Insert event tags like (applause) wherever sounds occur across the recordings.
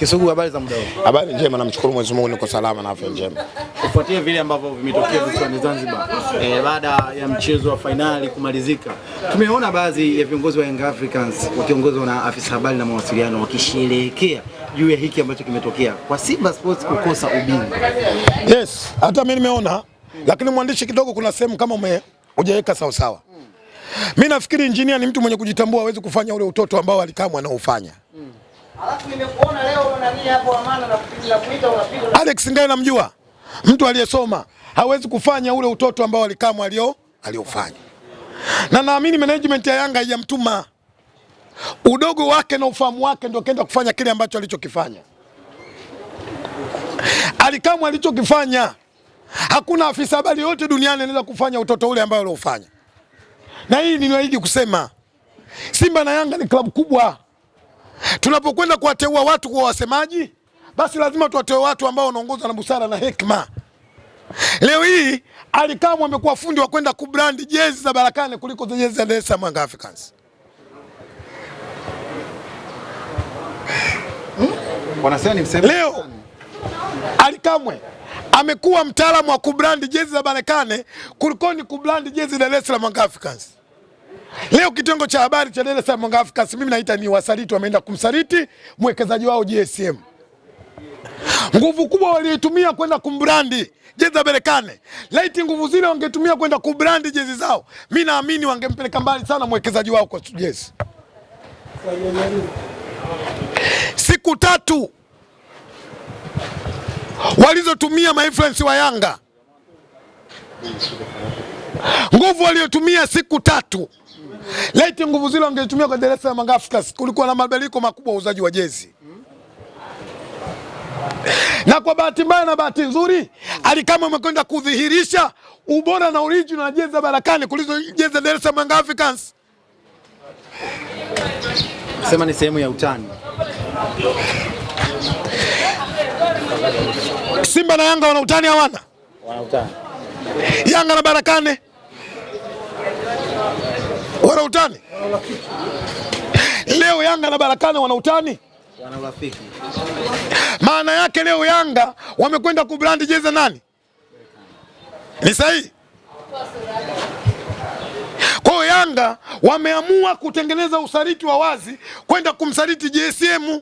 Kisugu, habari za muda huu? Habari njema, namshukuru Mwenyezi Mungu niko salama na afya njema. Kufuatia vile ambavyo vimetokea visiwani Zanzibar e, baada ya mchezo wa fainali kumalizika, tumeona baadhi ya viongozi wa Young Africans wakiongozwa na afisa habari na mawasiliano wakisherehekea juu ya hiki ambacho kimetokea kwa Simba Sports kukosa ubingwa. Yes, hata mimi nimeona, lakini mwandishi kidogo, kuna sehemu kama ume hujaweka sawa sawa. Mimi nafikiri injinia ni mtu mwenye kujitambua, hawezi kufanya ule utoto ambao alikamwa anaofanya. Alex Ngai namjua. Mtu aliyesoma hawezi kufanya ule utoto ambao alikamwa alio aliofanya. Na naamini management ya Yanga haijamtuma. Udogo wake na ufahamu wake ndio kenda kufanya kile ambacho alichokifanya. Alikamwa alichokifanya. Hakuna afisa habari yote duniani anaweza kufanya utoto ule ambao aliofanya. Na hii ninaahidi kusema Simba na Yanga ni klabu kubwa. Tunapokwenda kuwateua watu kwa wasemaji, basi lazima tuwateue watu ambao wanaongozwa na busara na hekima. Leo hii Ali Kamwe amekuwa fundi wa kwenda kubrandi jezi za Barakani kuliko jezi za Dar es Salaam Yanga Africans. Hmm? Leo Ali Kamwe amekuwa mtaalamu wa kubrandi jezi za barakane kulikoni kubrandi jezi za Dar es Salaam Yanga Africans. Leo kitengo cha habari cha Dar es Salaam Mwanga mimi naita ni wasaliti, wameenda kumsaliti mwekezaji wao JSM. Nguvu kubwa waliitumia kwenda kumbrandi jezi za Laiti nguvu zile wangetumia kwenda kubrandi jezi zao, mi naamini wangempeleka mbali sana mwekezaji wao kwa jezi. Siku tatu walizotumia mainfluensi wa Yanga, nguvu waliotumia siku tatu Laiti nguvu zile wangezitumia kwa Dar es Salaam Africans, kulikuwa na mabadiliko makubwa uuzaji wa jezi na kwa bahati mbaya na bahati nzuri, alikama Kamwe amekwenda kudhihirisha ubora na original na jezi za Barakani kulizo jezi za Dar es Salaam Africans. Sema ni sehemu ya utani. Simba na Yanga wana utani hawana? Wana utani. Yanga na Barakani wana utani leo? Yanga na Barakana wana utani? Wana urafiki. Maana yake leo Yanga wamekwenda kubrandi jeza nani? Ni sahihi? Kwa hiyo Yanga wameamua kutengeneza usaliti wa wazi kwenda kumsaliti JSM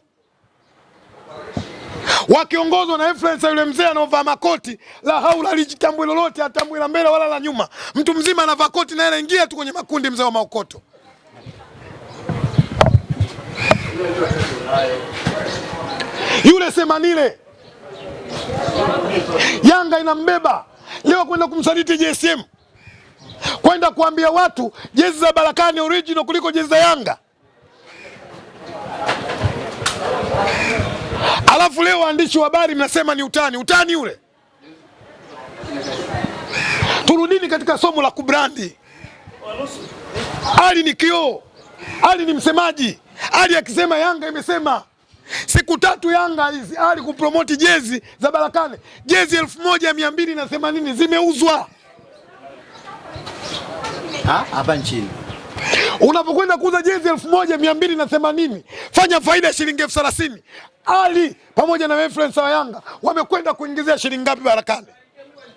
wakiongozwa na influencer yule mzee anaovaa makoti la haula lijitambui lolote atambui la mbele wala la nyuma, mtu mzima anavaa koti na anaingia tu kwenye makundi, mzee wa maokoto. Yule semanile Yanga inambeba leo kwenda kumsaliti JSM, kwenda kuambia watu jezi za Barakani original kuliko jezi za Yanga. Alafu leo waandishi wa habari mnasema ni utani. Utani ule? Turudini katika somo la kubrandi. Ali ni kioo, Ali ni msemaji. Ali akisema Yanga imesema siku tatu Yanga hizi Ali kupromoti jezi za Barakane, jezi elfu moja mia mbili na themanini zimeuzwa hapa nchini. Unapokwenda kuuza jezi elfu moja mia mbili na themanini fanya faida ya shilingi elfu thelathini Ali pamoja na influencer wa Yanga wamekwenda kuingizia shilingi ngapi Barakani?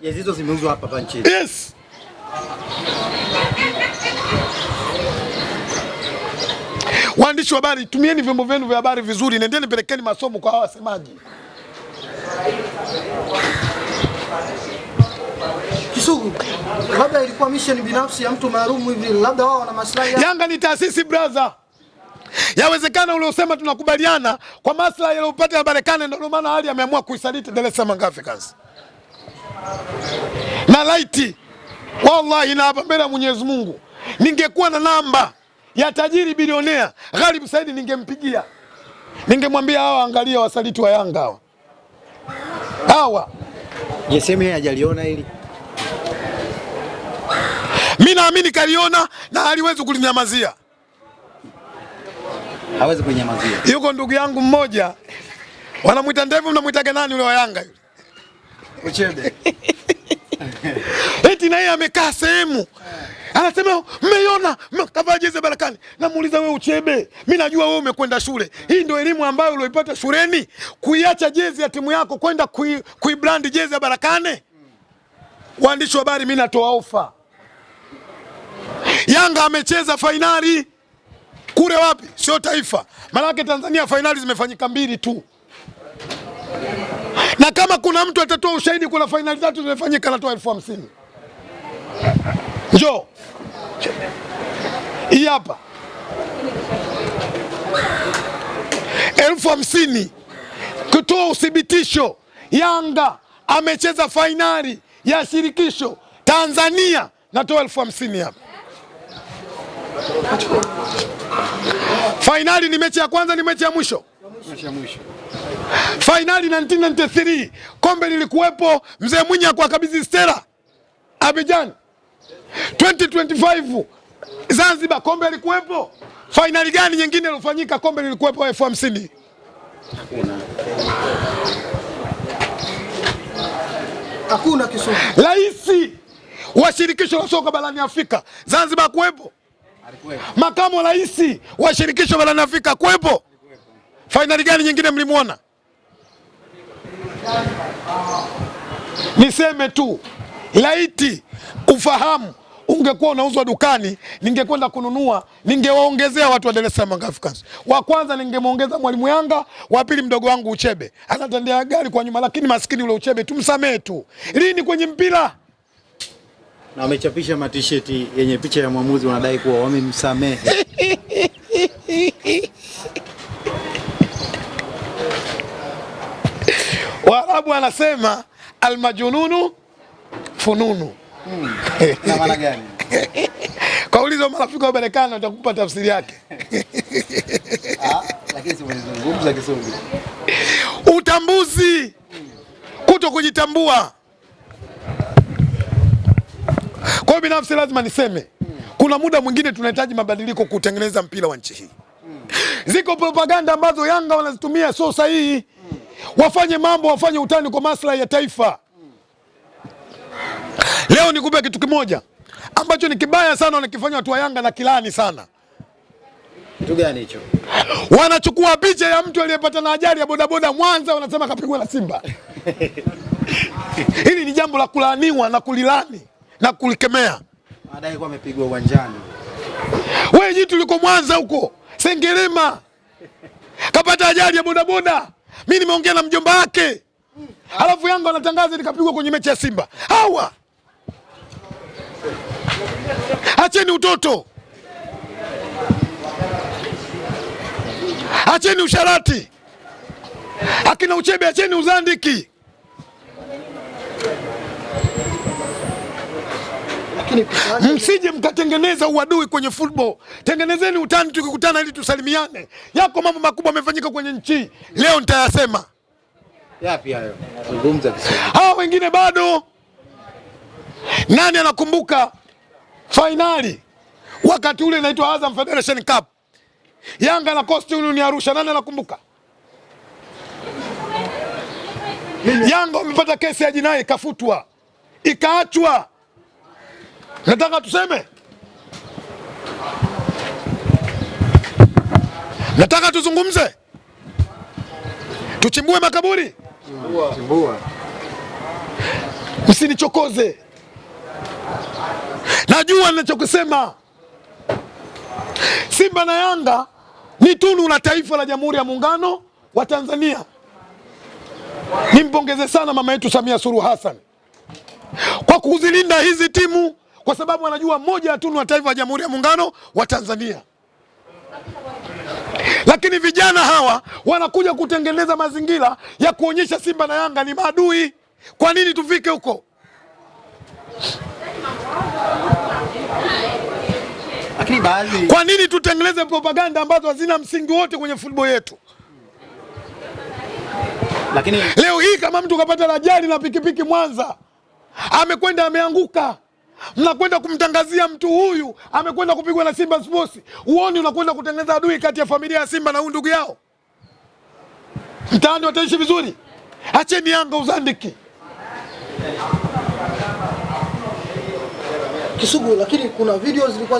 Jezi hizo zimeuzwa hapa hapa nchini. Yes. Waandishi wa habari, tumieni vyombo vyenu vya habari vizuri, nendeni pelekeni masomo kwa hawa wasemaji kuhusu labda ilikuwa mission binafsi ya mtu maalum hivi, labda wao wana maslahi. Yanga ni taasisi brother, yawezekana uliosema tunakubaliana kwa maslahi yaliyopata ya Barekane, ndio maana hali ameamua kuisaliti Dar es Salaam Africans na laiti, wallahi na hapa mbele ya Mwenyezi Mungu ningekuwa na namba ya tajiri bilionea Gharibu Saidi ningempigia, ningemwambia hawa, angalia wasaliti wa Yanga hawa hawa. Jesemi hajaliona hili. Mi naamini kaliona na haliwezi kulinyamazia. Hawezi kulinyamazia. Yuko ndugu yangu mmoja wanamwita ndevu, mnamwitaga nani yule wa Yanga yule? Uchebe. Eti na yeye amekaa sehemu anasema mmeiona, kavaa jezi Barakani. Namuuliza, wewe Uchebe, mi najua wewe umekwenda shule. Hii ndio elimu ambayo ulioipata shuleni, kuiacha jezi ya timu yako kwenda kuibrandi kui jezi ya Barakane? Waandishi wa habari, mi natoa ofa Yanga amecheza fainali kule wapi? Sio taifa. Maanake Tanzania fainali zimefanyika mbili tu, na kama kuna mtu atatoa ushahidi kuna fainali tatu zimefanyika, natoa elfu hamsini njoo hii hapa elfu hamsini kutoa uthibitisho Yanga amecheza fainali ya shirikisho Tanzania, natoa elfu hamsini hapa. Fainali ni mechi ya kwanza, ni mechi ya mwisho, mechi Fainali 1993 kombe lilikuwepo, mzee Mwinyi akuwakabidhi Stella Abidjan. 2025 Zanzibar kombe lilikuwepo. Fainali gani nyingine iliyofanyika kombe lilikuwepo elfu hamsini? Hakuna. Rais wa shirikisho la soka barani Afrika Zanzibar kuwepo Makamu wa rais wa shirikisho barani Afrika kuwepo. Fainali gani nyingine mlimwona? Niseme tu laiti ufahamu ungekuwa unauzwa dukani, ningekwenda kununua, ningewaongezea watu wa Dar es Salaam Africans. Wa kwanza ningemwongeza Mwalimu Yanga, wa pili mdogo wangu Uchebe, anatendea gari kwa nyuma, lakini maskini ule Uchebe tumsamee tu. Lini kwenye mpira na wamechapisha matisheti yenye picha ya mwamuzi, wanadai kuwa wamemsamehe. Waarabu wanasema almajununu fununu. Hmm. na maana gani? (laughs) Kauliza marafiki wa Marekani watakupa tafsiri yake. (laughs) Ah, Utambuzi, kuto kujitambua Kwa hiyo binafsi lazima niseme kuna muda mwingine tunahitaji mabadiliko kutengeneza mpira wa nchi hii. Ziko propaganda ambazo Yanga wanazitumia sio sahihi. Wafanye mambo, wafanye utani kwa maslahi ya taifa. Leo nikupe kitu kimoja ambacho ni kibaya sana wanakifanya watu wa Yanga na kilani sana. Kitu gani hicho? Wanachukua picha ya mtu aliyepata na ajali ya bodaboda Mwanza, wanasema kapigwa na Simba. (laughs) Hili ni jambo la kulaaniwa na kulilani na kulikemea Baadaye kwa amepigwa uwanjani. Wewe jitu liko Mwanza huko Sengerema, kapata ajali ya bodaboda. Mimi nimeongea na mjomba wake, alafu Yanga anatangaza nikapigwa kwenye mechi ya Simba. Hawa acheni utoto, acheni usharati, akina uchebe, acheni uzandiki. (laughs) Msije mkatengeneza uadui kwenye football. Tengenezeni utani tukikutana ili tusalimiane. Yako mambo makubwa yamefanyika kwenye nchi. Leo nitayasema. Yapi hayo? Zungumza Hawa wengine bado. Nani anakumbuka fainali wakati ule inaitwa Azam Federation Cup. Yanga na Coastal Union ni Arusha, nani anakumbuka? Yanga wamepata kesi ya jinai ikafutwa, ikaachwa Nataka tuseme, nataka tuzungumze, tuchimbue makaburi, msinichokoze. Najua ninachokisema. Simba na Yanga ni tunu la taifa la Jamhuri ya Muungano wa Tanzania. Nimpongeze sana mama yetu Samia Suluhu Hassan kwa kuzilinda hizi timu kwa sababu anajua moja ya tunu ya taifa wa Jamhuri ya Muungano wa Tanzania. Lakini vijana hawa wanakuja kutengeneza mazingira ya kuonyesha Simba na Yanga ni maadui. Kwa nini tufike huko? Kwa nini tutengeneze propaganda ambazo hazina msingi wote kwenye football yetu? Lakini leo hii kama mtu kapata ajali na pikipiki Mwanza, amekwenda ameanguka mnakwenda kumtangazia mtu huyu amekwenda kupigwa na Simba Sports. Uoni unakwenda kutengeneza adui kati ya familia ya Simba na huyu ndugu yao? Mtaani wataishi vizuri? Acheni Yanga uzandiki Kisugu, lakini kuna video zilikuwa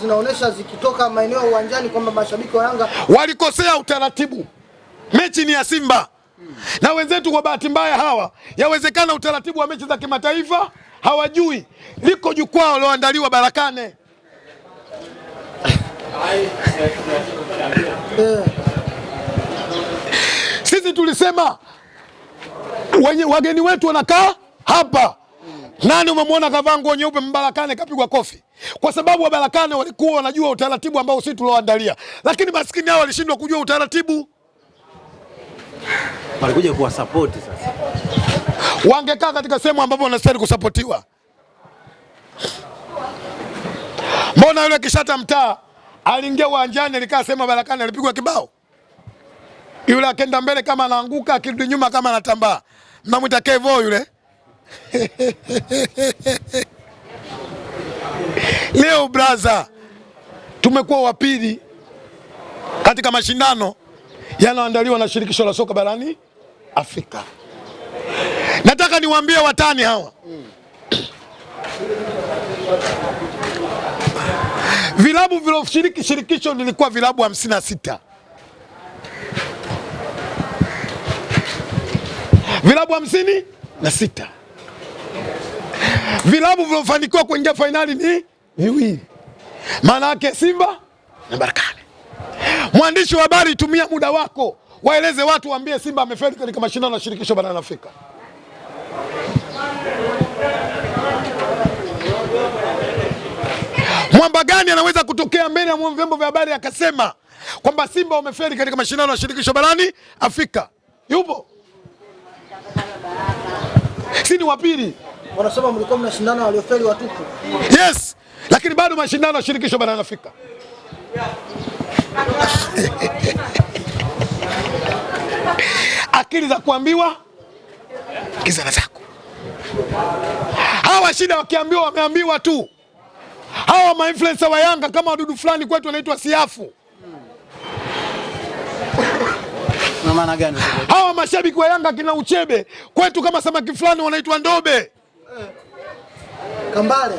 zinaonesha zikitoka maeneo ya uwanjani kwamba mashabiki wa Yanga walikosea utaratibu. Mechi ni ya Simba hmm. na wenzetu kwa bahati mbaya hawa, yawezekana utaratibu wa mechi za kimataifa hawajui liko jukwaa walioandaliwa Barakane. Sisi tulisema wenye wageni wetu wanakaa hapa. Nani umemwona kavaa nguo nyeupe Mbarakane kapigwa kofi? Kwa sababu Wabarakane walikuwa wanajua utaratibu ambao sisi tulioandalia, lakini maskini hao walishindwa kujua utaratibu walikuja kuwasapoti. Sasa wangekaa katika sehemu ambapo wanastahili kusapotiwa. Mbona yule Kishata mtaa aliingia uwanjani, alikaa sehemu barakani, alipigwa kibao yule, akenda mbele kama anaanguka, akirudi nyuma kama anatambaa. Mnamwita Kevo yule (laughs) leo braza, tumekuwa wapili katika mashindano yanaandaliwa na shirikisho la soka barani Afrika. Nataka niwaambie watani hawa (clears throat) vilabu vilivyoshiriki shirikisho lilikuwa vilabu 56 vilabu hamsini na sita. Vilabu vilofanikiwa kuingia fainali ni viwili, maana yake Simba na Berkane. Mwandishi wa habari, tumia muda wako, waeleze watu, waambie Simba amefeli katika mashindano ya shirikisho barani Afrika. Mwamba gani anaweza kutokea mbele ya vyombo vya habari akasema kwamba Simba wamefeli katika mashindano ya shirikisho barani Afrika? Yupo? si ni wapili wanasema mlikuwa mnashindana waliofeli watupu. Yes, lakini bado mashindano ya shirikisho barani Afrika (laughs) akili za kuambiwa kizana zako. Hawa shida wakiambiwa, wameambiwa tu. Hawa mainfluensa wa Yanga kama wadudu fulani kwetu wanaitwa siafu. Hawa mashabiki wa Yanga kina uchebe kwetu kama samaki fulani wanaitwa ndobe. Kambale.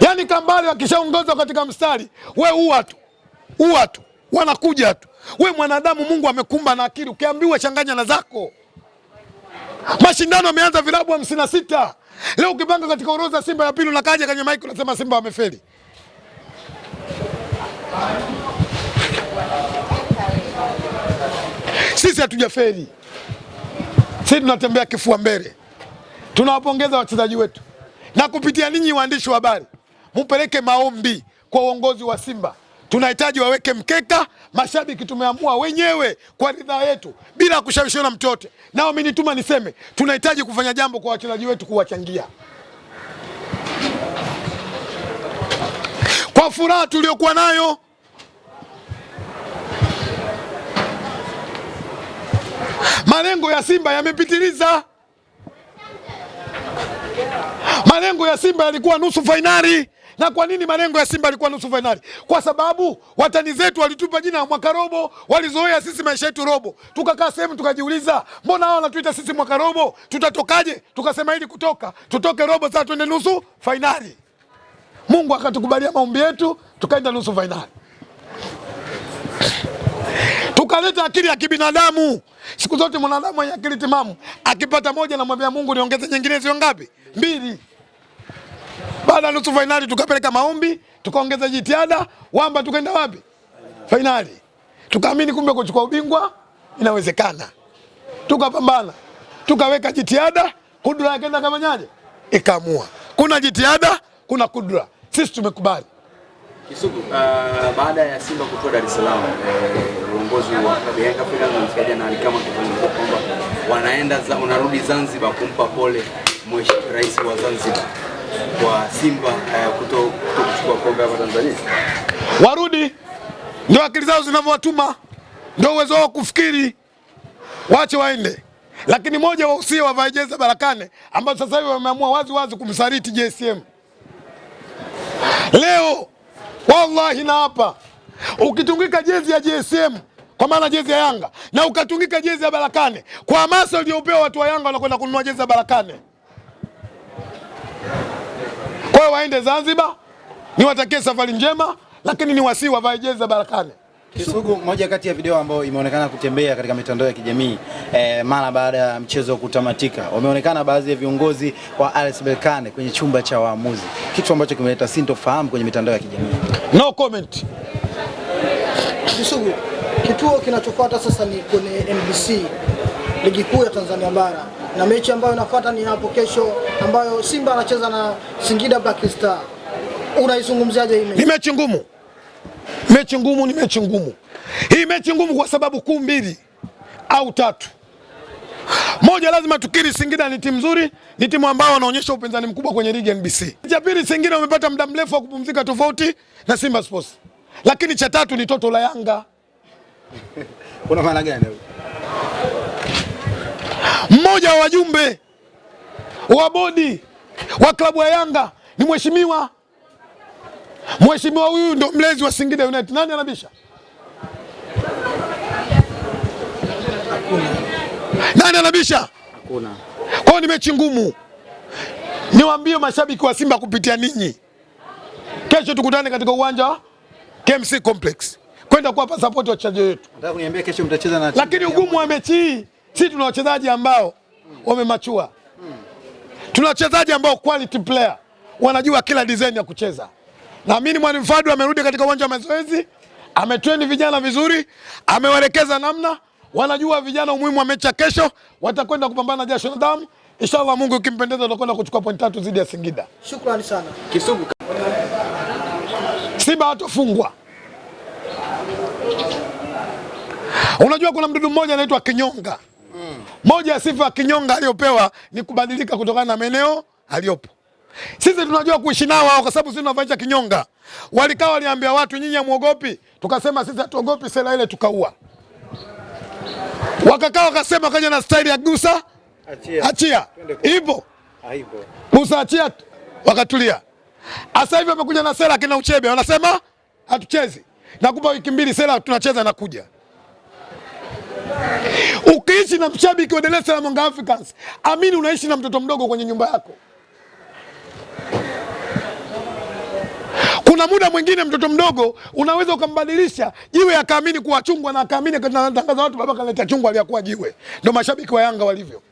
Yaani Kambale akishaongozwa katika mstari we uwa tu uwa tu wanakuja tu. We mwanadamu, Mungu amekumba na akili, ukiambiwa changanya na zako. Mashindano yameanza vilabu hamsini na sita leo, ukipanga katika orodha Simba ya pili unakaja kwenye maiki unasema Simba wamefeli. Sisi hatujafeli, sisi tunatembea kifua mbele. Tunawapongeza wachezaji wetu na kupitia ninyi waandishi wa habari, mupeleke maombi kwa uongozi wa Simba tunahitaji waweke mkeka. Mashabiki tumeamua wenyewe kwa ridhaa yetu bila kushawishiwa na mtu yote, nao amenituma niseme, tunahitaji kufanya jambo kwa wachezaji wetu, kuwachangia kwa furaha tuliyokuwa nayo. Malengo ya Simba yamepitiliza. Malengo ya Simba yalikuwa nusu fainali. Na kwa nini malengo ya Simba alikuwa nusu fainali? Kwa sababu watani zetu walitupa jina la mwaka robo, walizoea sisi maisha yetu robo. Tukakaa sehemu tukajiuliza, mbona hao wanatuita sisi mwaka robo? Tutatokaje? Tukasema ili kutoka, tutoke robo sasa twende nusu fainali. Mungu akatukubalia maombi yetu, tukaenda nusu fainali. Tukaleta akili ya kibinadamu. Siku zote mwanadamu mwenye akili timamu akipata moja, namwambia Mungu niongeze nyingine, sio ngapi? Mbili baada ya nusu fainali tukapeleka maombi, tukaongeza jitihada, wamba tukaenda wapi? Fainali. Tukaamini kumbe kuchukua ubingwa inawezekana, tukapambana, tukaweka jitihada, kudura yakaenda kama nyaje, ikaamua kuna jitihada, kuna kudura, sisi tumekubali. Kisugu, uh, baada ya Simba kutoa Dar es Salaam eh, uongozi wa klabu ya Yanga kama kwamba wanaenda za, unarudi Zanzibar kumpa pole mheshimiwa rais wa Zanzibar kwa Simba eh, kuto kuchukua kombe hapa Tanzania? Warudi, ndio akili zao zinavyowatuma, ndio uwezo wao kufikiri, wache waende. Lakini moja wausia wavae jezi Barakane ambao sasa hivi wameamua wazi wazi kumsaliti JSM. Leo wallahi na hapa ukitungika jezi ya JSM kwa maana jezi ya Yanga na ukatungika jezi ya Barakane kwa hamasa uliopewa, watu wa Yanga wanakwenda kununua jezi ya Barakane. Kwa hiyo waende Zanzibar, niwatakie safari njema, lakini ni wavae jezi za Barakani. Kisugu, moja kati ya video ambayo imeonekana kutembea katika mitandao ya kijamii e, mara baada ya mchezo kutamatika, wameonekana baadhi ya viongozi wa RS Berkane kwenye chumba cha waamuzi, kitu ambacho kimeleta sintofahamu kwenye mitandao ya kijamii. No comment. Kisugu, kituo kinachofuata sasa ni kwenye NBC, ligi kuu ya Tanzania bara na mechi ambayo inafuata ni hapo kesho ambayo Simba anacheza na Singida Black Star. Unaizungumziaje hii mechi? Ni mechi ngumu, mechi ngumu, ni mechi ngumu hii, mechi ngumu kwa sababu kuu mbili au tatu. Moja, lazima tukiri, Singida ni timu nzuri, ni timu ambao wanaonyesha upinzani mkubwa kwenye ligi NBC. Cha pili, Singida wamepata muda mrefu wa kupumzika, tofauti na Simba Sports. Lakini cha tatu ni toto la Yanga. Kuna maana gani? Mmoja wa wajumbe wa bodi wa klabu ya Yanga ni mheshimiwa mheshimiwa, huyu ndo mlezi wa Singida United. Nani anabisha? Nani anabisha? Hakuna. Kwa ni mechi ngumu, niwaambie mashabiki wa Simba kupitia ninyi, kesho tukutane katika uwanja wa KMC Complex kwenda kuwapa support wachezaji wetu. Nataka kuniambia kesho mtacheza na, lakini ugumu wa mechi hii sisi tuna wachezaji ambao wamemachua, tuna wachezaji ambao quality player, wanajua kila design ya kucheza. Naamini mwalimu Fadu amerudi katika uwanja wa mazoezi, ametrain vijana vizuri, amewaelekeza namna, wanajua vijana umuhimu wa mechi ya kesho, watakwenda kupambana jasho na damu. Inshallah, Mungu ukimpendeza tutakwenda kuchukua point tatu dhidi ya Singida. Shukrani sana. Kisugu. Simba watofungwa. Unajua kuna mdudu mmoja anaitwa kinyonga. Mm. Moja ya sifa kinyonga aliyopewa ni kubadilika kutokana na maeneo aliyopo. Sisi tunajua kuishi nao wao kwa sababu sisi tunavaisha kinyonga. Walikaa waliambia watu nyinyi hamuogopi, tukasema sisi hatuogopi sela ile tukaua. Wakakaa wakasema kaja na staili ya Gusa achia. Achia. Hivyo. Hivyo. Ah, Gusa achia wakatulia. Sasa hivi wamekuja na sera kina Uchebe wanasema hatuchezi. Nakupa wiki mbili sera tunacheza nakuja. Ukiishi na mshabiki wa Dar es Salaam Africans, amini unaishi na mtoto mdogo kwenye nyumba yako. Kuna muda mwingine mtoto mdogo unaweza ukambadilisha jiwe akaamini kuwa chungwa na akaamini akatangaza watu, baba kaleta chungwa aliyakuwa jiwe. Ndio mashabiki wa Yanga walivyo,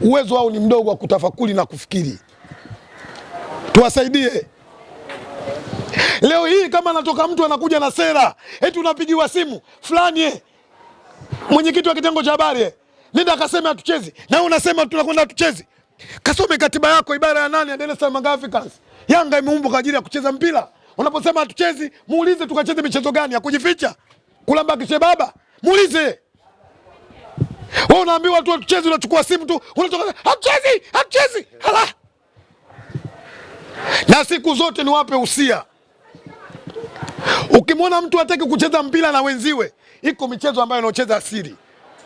uwezo wao ni mdogo wa kutafakuri na kufikiri. Tuwasaidie. Leo hii kama anatoka mtu anakuja na sera eti unapigiwa simu fulani eh, mwenyekiti wa kitengo cha habari Linda akasema hatuchezi, na wewe unasema tunakwenda tuchezi. Kasome katiba yako ibara ya nane ya Dar es Salaam Africans. Yanga imeumbwa kwa ajili ya kucheza mpira. Unaposema hatuchezi, muulize tukacheze michezo gani ya kujificha? Kulamba kishe baba. Muulize. Wewe unaambiwa tu hatuchezi, unachukua simu tu, unatoka hatuchezi, hatuchezi. Hala. Na siku zote niwape usia Ukimwona mtu ataki kucheza mpira na wenziwe, iko michezo ambayo anaocheza asili.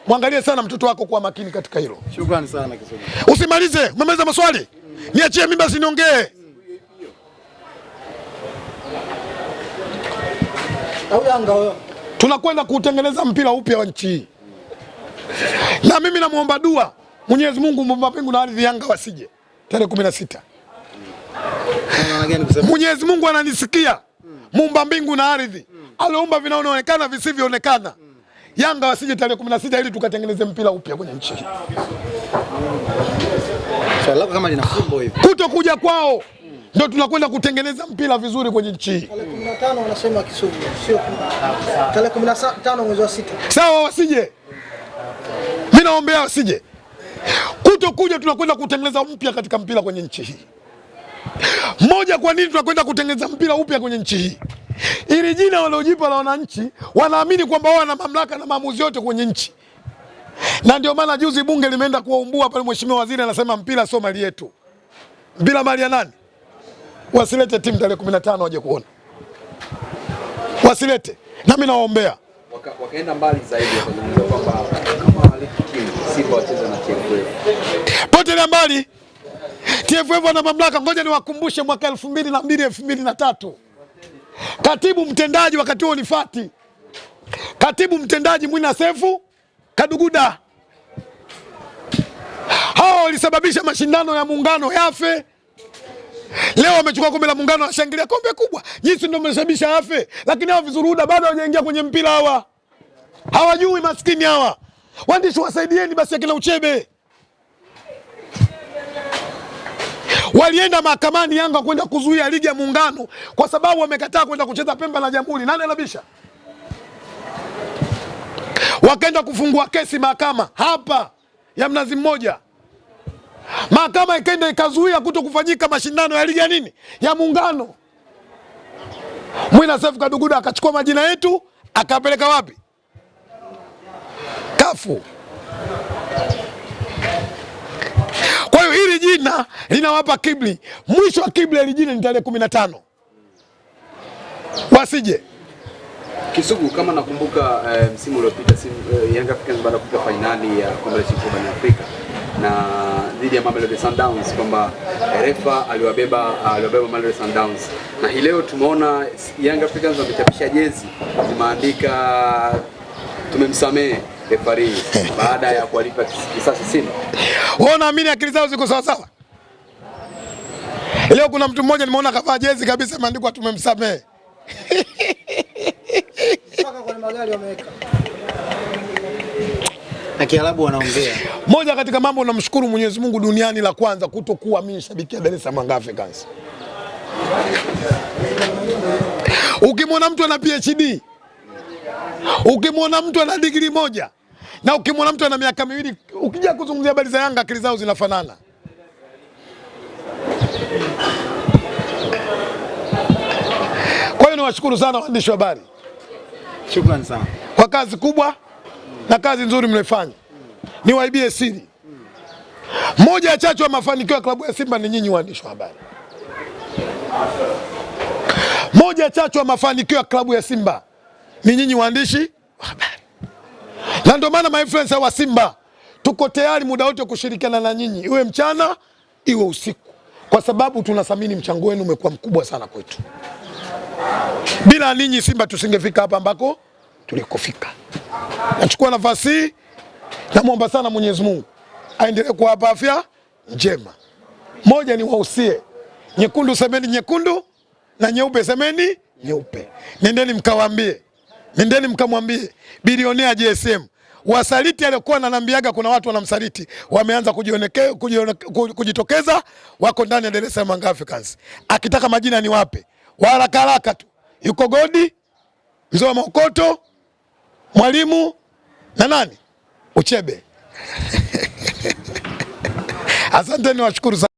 Mwangalie sana mtoto wako kwa makini katika hilo. Shukrani sana Kisugu. Usimalize, umemaliza maswali? Niachie mimi basi niongee. Tunakwenda kutengeneza mpira upya wa nchi hii. Na mimi namwomba dua Mwenyezi Mungu mumba mbingu na ardhi, Yanga wasije tarehe 16. Mm. Mwenyezi Mungu ananisikia muumba mbingu na ardhi mm. aliumba vinaonekana visivyoonekana mm. Yanga wasije tarehe 16 ili tukatengeneze mpira upya kwenye nchi hii kuto kuja kwao ndio tunakwenda kutengeneza mpira vizuri kwenye nchi hii. Sawa, wasije, mimi naombea wasije. Kuto kuja, tunakwenda kutengeneza mpya katika mpira kwenye nchi hii. Moja, kwa nini tunakwenda kutengeneza mpira upya kwenye nchi hii? Ili jina waliojipa la wananchi, wanaamini kwamba wao wana mamlaka na maamuzi yote kwenye nchi, na ndio maana juzi bunge limeenda kuwaumbua pale. Mheshimiwa Waziri anasema mpira sio mali yetu. Mpira mali ya nani? Wasilete timu tarehe 15 waje kuona, wasilete. Nami nawaombea waka, wakaenda mbali zaidi wakazungumza kwamba kama Simba wacheza na TFF, potelea mbali TFF wana mamlaka. Ngoja niwakumbushe mwaka elfu mbili na mbili elfu mbili na tatu katibu mtendaji wakati huo ni Fati, katibu mtendaji Mwina Sefu Kaduguda. Hawa walisababisha mashindano ya muungano yafe. Leo wamechukua kombe la muungano, washangilia kombe kubwa, jinsi ndio mmesababisha yafe. Lakini hawa vizuruda bado hawajaingia kwenye mpira, hawa hawajui, maskini hawa. Waandishi wasaidieni basi akina Uchebe Walienda mahakamani Yanga kwenda kuzuia ligi ya muungano kwa sababu wamekataa kwenda kucheza Pemba na Jamhuri. Nani anabisha? Wakaenda kufungua kesi mahakama hapa ya Mnazi Mmoja, mahakama ikaenda ikazuia kuto kufanyika mashindano ya ligi ya nini ya muungano. Mwina Sefu Kaduguda akachukua majina yetu akapeleka wapi? Kafu. hiyo hili jina linawapa kibli. Mwisho wa kibli hili jina ni tarehe kumi na tano wasije Kisugu kama nakumbuka eh, msimu uliopita e, eh, Yanga Africans baada ya kufika fainali ya kombe la shirikisho barani Afrika na dhidi ya Mamelodi Sundowns kwamba eh, refa aliwabeba ah, aliwabeba Mamelodi Sundowns, na hii leo tumeona Yanga Africans wamechapisha jezi zimeandika tumemsamehe refarii baada ya kuwalipa kisasi Simba. Wewe unaamini akili zao ziko sawa sawa. Leo kuna mtu mmoja nimeona kavaa jezi kabisa imeandikwa tumemsamehe. Kiarabu wanaongea. Moja katika mambo namshukuru Mwenyezi Mungu duniani la kwanza kutokuwa mimi shabikia Dar es Salaam Africans. Ukimwona mtu ana PhD, ukimwona mtu ana degree moja, na ukimwona mtu ana miaka miwili, ukija kuzungumzia habari za Yanga akili zao zinafanana. Kwa hiyo niwashukuru sana waandishi wa habari, shukrani sana kwa kazi kubwa na kazi nzuri mnaifanya. Niwaibie siri moja ya chachu ya mafanikio ya klabu ya Simba ni nyinyi waandishi wa habari. Moja ya chachu ya mafanikio ya klabu ya Simba ni nyinyi waandishi wa habari na ndio maana mainfluensa wa Simba tuko tayari muda wote kushirikiana na nyinyi, iwe mchana iwe usiku, kwa sababu tunathamini mchango wenu, umekuwa mkubwa sana kwetu. Bila ninyi Simba tusingefika hapa ambako tulikofika. Nachukua nafasi hii, namwomba sana Mwenyezi Mungu aendelee kuwapa afya njema. Moja ni wausie, nyekundu semeni nyekundu na nyeupe semeni nyeupe, nendeni mkawaambie Nendeni mkamwambie bilionea JSM wasaliti aliokuwa nanambiaga kuna watu wanamsaliti wameanza kujioneke, kujitokeza wako ndani ya Dar es Salaam Young Africans. Akitaka majina ni wape waraka haraka tu, yuko Godi mzee wa Maokoto, mwalimu na nani Uchebe. (laughs) Asante, ni washukuru sana.